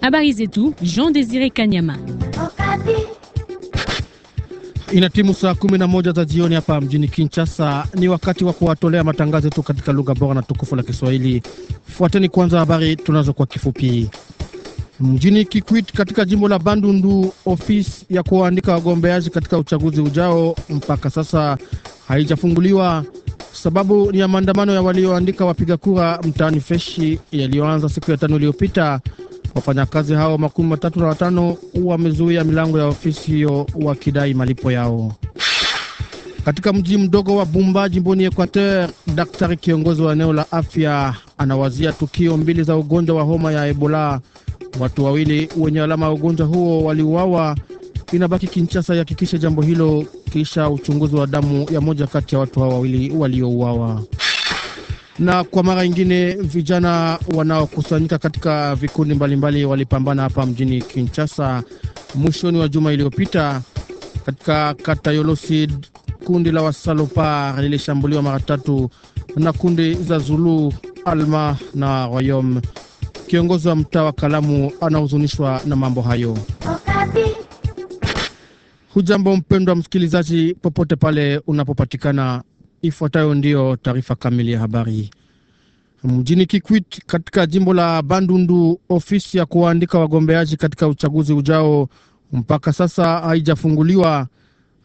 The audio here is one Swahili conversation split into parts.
Habari zetu Jean Desire Kanyama. Inatimu saa kumi na moja za jioni hapa mjini Kinshasa. Ni wakati wa kuwatolea matangazo yetu katika lugha bora na tukufu la Kiswahili. Fuateni kwanza habari tunazo kwa kifupi. Mjini Kikwit katika jimbo la Bandundu, ofisi ya kuwaandika wagombeaji katika uchaguzi ujao mpaka sasa haijafunguliwa. Sababu ni ya maandamano ya walioandika wapiga kura mtaani Feshi yaliyoanza siku ya tano iliyopita, wafanyakazi hao makumi matatu na watano wamezuia milango ya ofisi hiyo wakidai malipo yao. Katika mji mdogo wa Bumba jimboni Equateur, daktari kiongozi wa eneo la afya anawazia tukio mbili za ugonjwa wa homa ya Ebola. Watu wawili wenye alama ya ugonjwa huo waliuawa inabaki Kinshasa ihakikishe jambo hilo kisha uchunguzi wa damu ya moja kati ya watu hao wawili waliouawa. Na kwa mara nyingine vijana wanaokusanyika katika vikundi mbalimbali walipambana hapa mjini Kinshasa mwishoni wa juma iliyopita katika kata Kundi la Wasalopa lilishambuliwa mara tatu na kundi za Zulu, Alma na Royom. Kiongozi wa mtaa wa Kalamu anahuzunishwa na mambo hayo. Hujambo mpendwa msikilizaji, popote pale unapopatikana, ifuatayo ndiyo taarifa kamili ya habari. Mjini Kikwit katika jimbo la Bandundu, ofisi ya kuwaandika wagombeaji katika uchaguzi ujao mpaka sasa haijafunguliwa.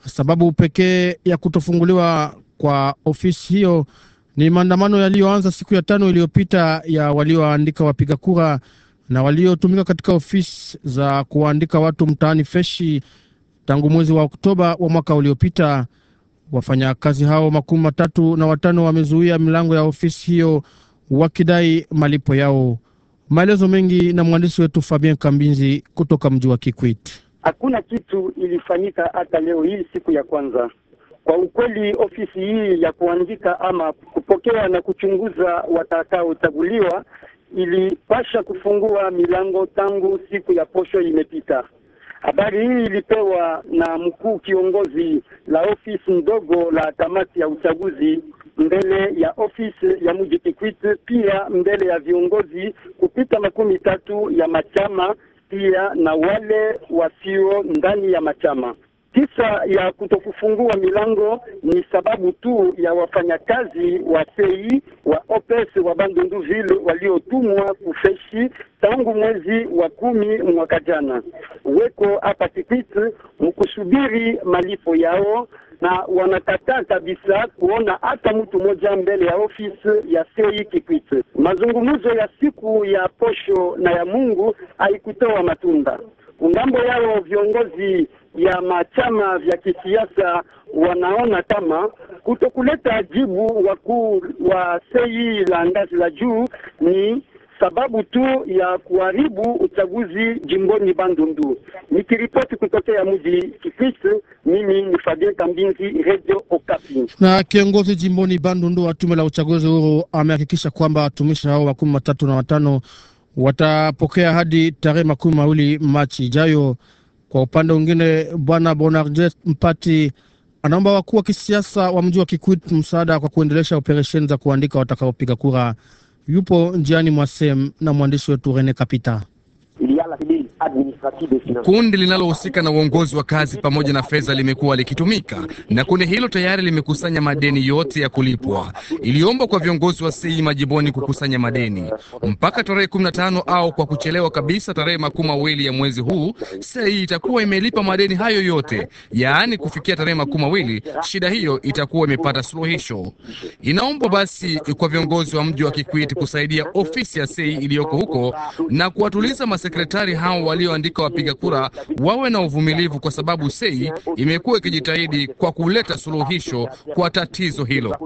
Sababu pekee ya kutofunguliwa kwa ofisi hiyo ni maandamano yaliyoanza siku ya tano iliyopita ya walioandika wapiga kura na waliotumika katika ofisi za kuwaandika watu mtaani Feshi Tangu mwezi wa Oktoba wa mwaka uliopita, wafanyakazi hao makumi matatu na watano wamezuia milango ya ofisi hiyo wakidai malipo yao. Maelezo mengi na mwandishi wetu Fabien Kambinzi kutoka mji wa Kikwit. Hakuna kitu ilifanyika hata leo hii, siku ya kwanza. Kwa ukweli, ofisi hii ya kuandika ama kupokea na kuchunguza watakaochaguliwa ilipasha kufungua milango tangu siku ya posho imepita. Habari hii ilipewa na mkuu kiongozi la ofisi ndogo la kamati ya uchaguzi mbele ya ofisi ya mji Kikwit, pia mbele ya viongozi kupita makumi tatu ya machama, pia na wale wasio ndani ya machama. Kisa ya kutokufungua milango ni sababu tu ya wafanyakazi wa sei wa opes wa Bandundu Ville waliotumwa kufeshi tangu mwezi wa kumi mwaka jana, weko hapa kikwiti mkusubiri malipo yao, na wanakataa kabisa kuona hata mtu mmoja mbele ya ofisi ya sei kikwiti Mazungumzo ya siku ya posho na ya Mungu haikutoa matunda ngambo yao viongozi ya machama vya kisiasa wanaona kama kutokuleta jibu wakuu wa sei la ngazi la juu ni sababu tu ya kuharibu uchaguzi jimboni Bandundu. Nikiripoti kutokea mji Kipisi, mimi ni Fabien Kambinzi, Radio Okapi. Na kiongozi jimboni Bandundu wa tume la uchaguzi huo amehakikisha kwamba watumishi hao makumi matatu na watano watapokea hadi tarehe makumi mawili Machi ijayo. Kwa upande mwingine, bwana Bonardet Mpati anaomba wakuu wa kisiasa wa mji wa Kikwit msaada kwa kuendelesha operesheni za kuandika watakaopiga kura. Yupo njiani mwa sem na mwandishi wetu Rene Kapita. Kundi linalohusika na uongozi wa kazi pamoja na fedha limekuwa likitumika na kundi hilo tayari limekusanya madeni yote ya kulipwa. Iliombwa kwa viongozi wa sei majiboni kukusanya madeni mpaka tarehe 15 au kwa kuchelewa kabisa tarehe makumi mawili ya mwezi huu, sei itakuwa imelipa madeni hayo yote. Yaani kufikia tarehe makumi mawili shida hiyo itakuwa imepata suluhisho. Inaombwa basi kwa viongozi wa mji wa Kikwiti kusaidia ofisi ya sei iliyoko huko na kuwatuliza masekretari hao walioandika wapiga kura wawe na uvumilivu, kwa sababu sei imekuwa ikijitahidi kwa kuleta suluhisho kwa tatizo hilo.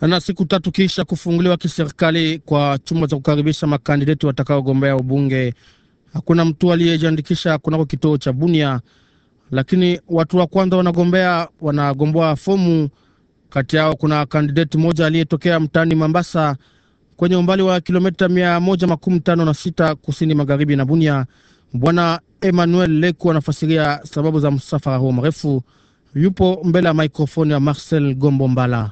Na siku tatu kisha kufunguliwa kiserikali kwa chumba cha kukaribisha makandideti watakaogombea ubunge, hakuna mtu aliyejiandikisha kunako kituo cha Bunia, lakini watu wa kwanza wanagombea wanagomboa fomu. Kati yao kuna kandideti moja aliyetokea mtaani Mambasa kwenye umbali wa kilomita 156 kusini magharibi na Bunia. Bwana Emmanuel Leku anafasiria sababu za msafara huo mrefu, yupo mbele ya mikrofoni ya Marcel Gombo Mbala.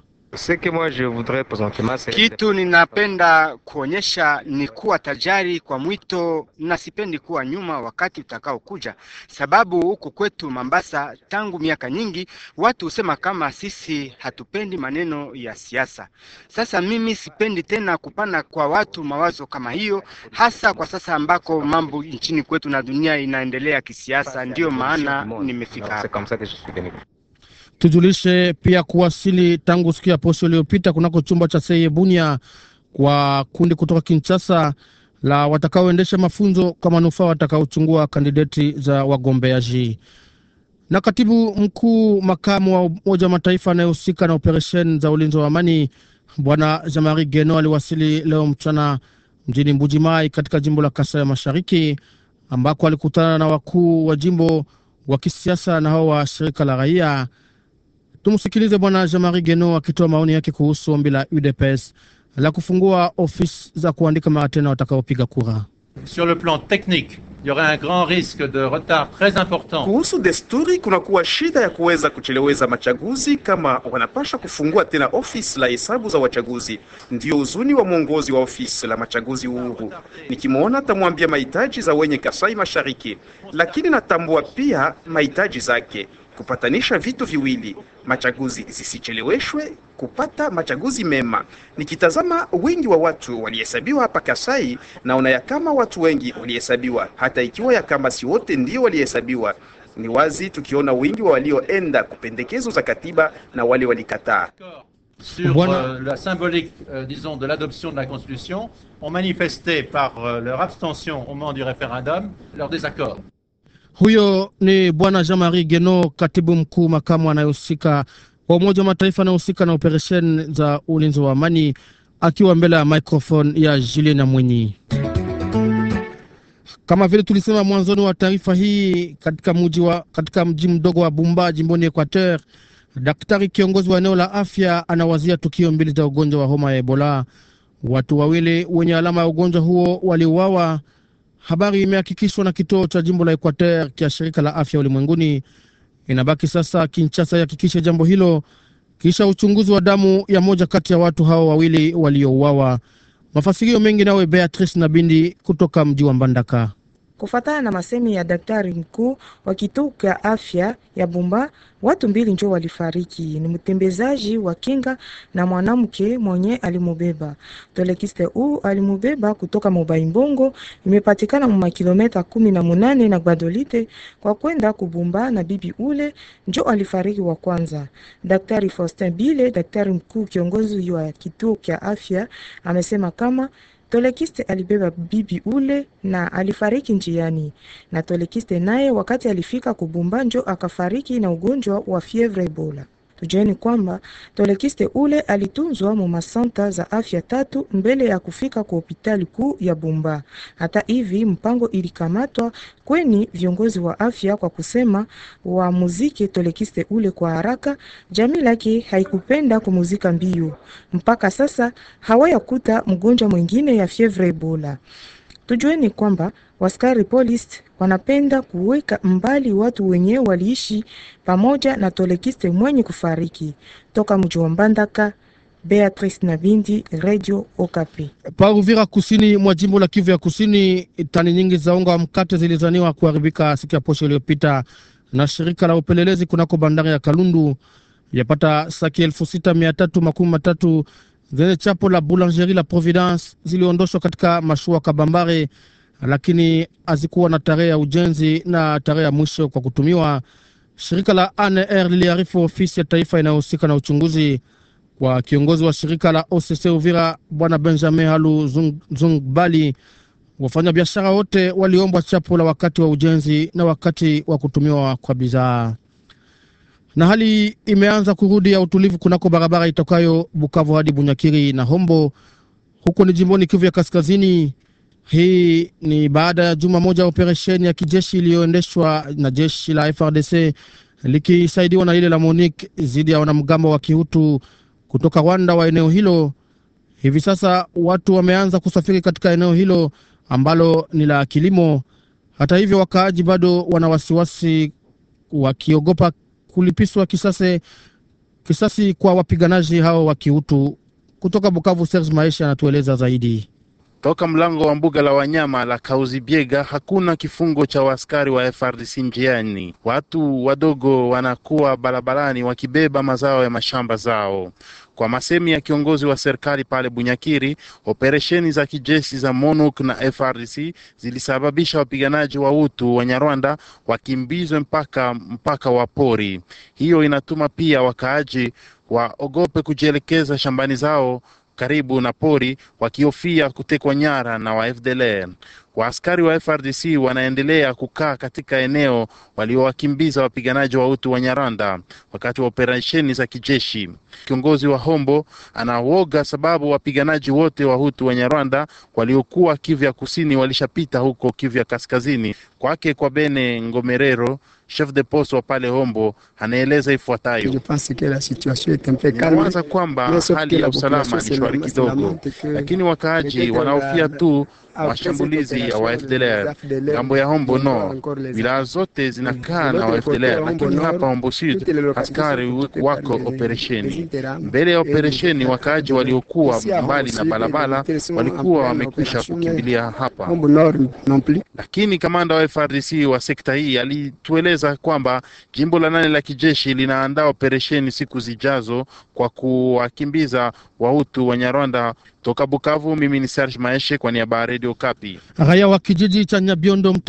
Kitu ninapenda kuonyesha ni kuwa tajari kwa mwito na sipendi kuwa nyuma wakati utakaokuja, sababu huku kwetu Mambasa tangu miaka nyingi watu husema kama sisi hatupendi maneno ya siasa. Sasa mimi sipendi tena kupana kwa watu mawazo kama hiyo, hasa kwa sasa ambako mambo nchini kwetu na dunia inaendelea kisiasa. Ndiyo maana nimefika hapa. Tujulishe pia kuwasili tangu siku ya posho iliyopita kunako chumba cha Seye Bunia kwa kundi kutoka Kinshasa la watakaoendesha mafunzo kwa manufaa watakaochungua kandideti za wagombeaji. Na katibu mkuu makamu wa Umoja wa Mataifa anayehusika na operesheni za ulinzi wa amani Bwana Jamari Geno aliwasili leo mchana mjini Mbujimai katika jimbo la Kasai ya Mashariki, ambako alikutana na wakuu wa jimbo wa kisiasa na hao wa shirika la raia. Tumsikilize Bwana Jamari Geno akitoa maoni yake kuhusu ombi la UDPS la kufungua ofisi za kuandika mara tena watakaopiga kura. Sur le plan technique il y aurait un grand risque de retard très important. Kuhusu desturi, kunakuwa shida ya kuweza kucheleweza machaguzi kama wanapasha kufungua tena ofisi la hesabu za wachaguzi. Ndio uzuni wa mwongozi wa ofisi la machaguzi uhuru Nikimwona atamwambia mahitaji za wenye Kasai Mashariki, lakini natambua pia mahitaji zake kupatanisha vitu viwili, machaguzi zisicheleweshwe kupata machaguzi mema. Nikitazama wingi wa watu walihesabiwa hapa Kasai, naona ya kama watu wengi walihesabiwa, hata ikiwa ya kama si wote ndio walihesabiwa. Ni wazi tukiona wingi wa walioenda kupendekezo za katiba na wale walikataa sur bueno. euh, la symbolique, euh, disons, de l'adoption de la Constitution, ont manifesté par euh, leur abstention au moment du référendum leur désaccord. Huyo ni Bwana Jean Marie Geno, katibu mkuu makamu anayehusika wa Umoja wa Mataifa anayehusika na operesheni za ulinzi wa amani, akiwa mbele ya microphone ya Julien na Mwinyi. Kama vile tulisema mwanzoni wa taarifa hii, katika mji wa katika mji mdogo wa Bumba jimboni Equateur, daktari kiongozi wa eneo la afya anawazia tukio mbili za ugonjwa wa homa ya Ebola. Watu wawili wenye alama ya ugonjwa huo waliuawa Habari imehakikishwa na kituo cha jimbo la Equateur kia shirika la afya ulimwenguni. Inabaki sasa Kinshasa ihakikishe jambo hilo kisha uchunguzi wa damu ya moja kati ya watu hao wawili waliouawa. Mafasirio mengi nawe Beatrice Nabindi kutoka mji wa Mbandaka. Kufatana na masemi ya daktari mkuu wa kituo cha afya ya Bumba, watu mbili njo walifariki, ni mtembezaji wa kinga na mwanamke mwenye alimubeba. Tolekiste u alimubeba kutoka Mobaimbongo, imepatikana mu makilometa kumi na munane na Gbadolite kwa kwenda kubumba, na bibi ule njo alifariki wa kwanza. Daktari Faustin Bile, daktari mkuu kiongozi wa kituo cha afya, amesema kama Tolekiste alibeba bibi ule na alifariki njiani, na Tolekiste naye wakati alifika Kubumba njo akafariki na ugonjwa wa fievre Ebola. Tujeni kwamba Tolekiste ule alitunzwa mu masanta za afya tatu mbele ya kufika kwa hospitali kuu ya Bumba. Hata hivi mpango ilikamatwa kweni viongozi wa afya kwa kusema muziki Tolekiste ule kwa haraka, jamii lake haikupenda kumuzika mbio. Mpaka sasa hawayakuta mgonjwa mwingine ya fievre Ebola. Tujue ni kwamba waskari polisi wanapenda kuweka mbali watu wenye waliishi pamoja na tolekiste mwenye kufariki. Toka mji wa Mbandaka, Beatrice Nabindi, Radio Okapi. Pa Uvira, kusini mwa jimbo la Kivu ya Kusini, tani nyingi za unga wa mkate zilizaniwa kuharibika siku ya posho iliyopita na shirika la upelelezi kunako bandari ya Kalundu yapata saki elfu sita mia tatu makumi matatu Gari chapo la Boulangerie la Providence ziliondoshwa katika mashua Kabambare, lakini hazikuwa na tarehe ya ujenzi na tarehe ya mwisho kwa kutumiwa. Shirika la ANR liliarifu ofisi ya taifa inayohusika na uchunguzi. Kwa kiongozi wa shirika la OCC Uvira, Bwana Benjamin Halu Zungbali Zung, wafanya biashara wote waliombwa chapo la wakati wa ujenzi na wakati wa kutumiwa kwa bidhaa na hali imeanza kurudi ya utulivu kunako barabara itokayo Bukavu hadi Bunyakiri na Hombo, huko ni jimboni Kivu ya Kaskazini. Hii ni baada ya juma moja operesheni ya kijeshi iliyoendeshwa na jeshi la FRDC likisaidiwa na lile la MONUC dhidi ya wanamgambo wa kihutu kutoka Rwanda wa eneo hilo. Hivi sasa watu wameanza kusafiri katika eneo hilo ambalo ni la kilimo. Hata hivyo, wakaaji bado wana wasiwasi wakiogopa kulipiswa kisasi, kisasi kwa wapiganaji hao wa kiutu. Kutoka Bukavu, Serge Maisha anatueleza zaidi. Toka mlango wa mbuga la wanyama la Kauzibiega hakuna kifungo cha waaskari wa FRDC njiani. Watu wadogo wanakuwa barabarani wakibeba mazao ya mashamba zao. Kwa masemi ya kiongozi wa serikali pale Bunyakiri, operesheni za kijeshi za MONUC na FRDC zilisababisha wapiganaji wa utu wa Nyarwanda wakimbizwe mpaka mpaka wa pori. Hiyo inatuma pia wakaaji waogope kujielekeza shambani zao karibu na pori wakihofia kutekwa nyara na wa FDLR. Waaskari wa FRDC wanaendelea kukaa katika eneo waliowakimbiza wapiganaji wa utu wa Nyaranda wakati wa operesheni za kijeshi. Kiongozi wa Hombo anawoga sababu wapiganaji wote wa Hutu wa Nyaranda waliokuwa Kivya Kusini walishapita huko Kivya Kaskazini. Kwake kwa Bene Ngomerero, chef de poste wa pale Hombo, anaeleza ifuatayo: inawaza kwamba hali ya usalama ni shwari kidogo, lakini wakaaji wanaofia tu mashambulizi ya wa FDLR. Ngambo ya Hombo Nord, wilaya zote zinakaa na wa FDLR, lakini hapa Hombo Sud askari wako operesheni. Mbele ya operesheni, wakaaji waliokuwa mbali na balabala walikuwa wamekwisha kukimbilia hapa, lakini kamanda wa FRDC wa sekta hii alitueleza kwamba jimbo la nane la kijeshi linaandaa operesheni siku zijazo kwa kuwakimbiza Wahutu nyarwanda Toka Bukavu, mimi ni Serge Maeshe kwa niaba ya Radio Kapi. Raia wa kijiji cha Nyabiondo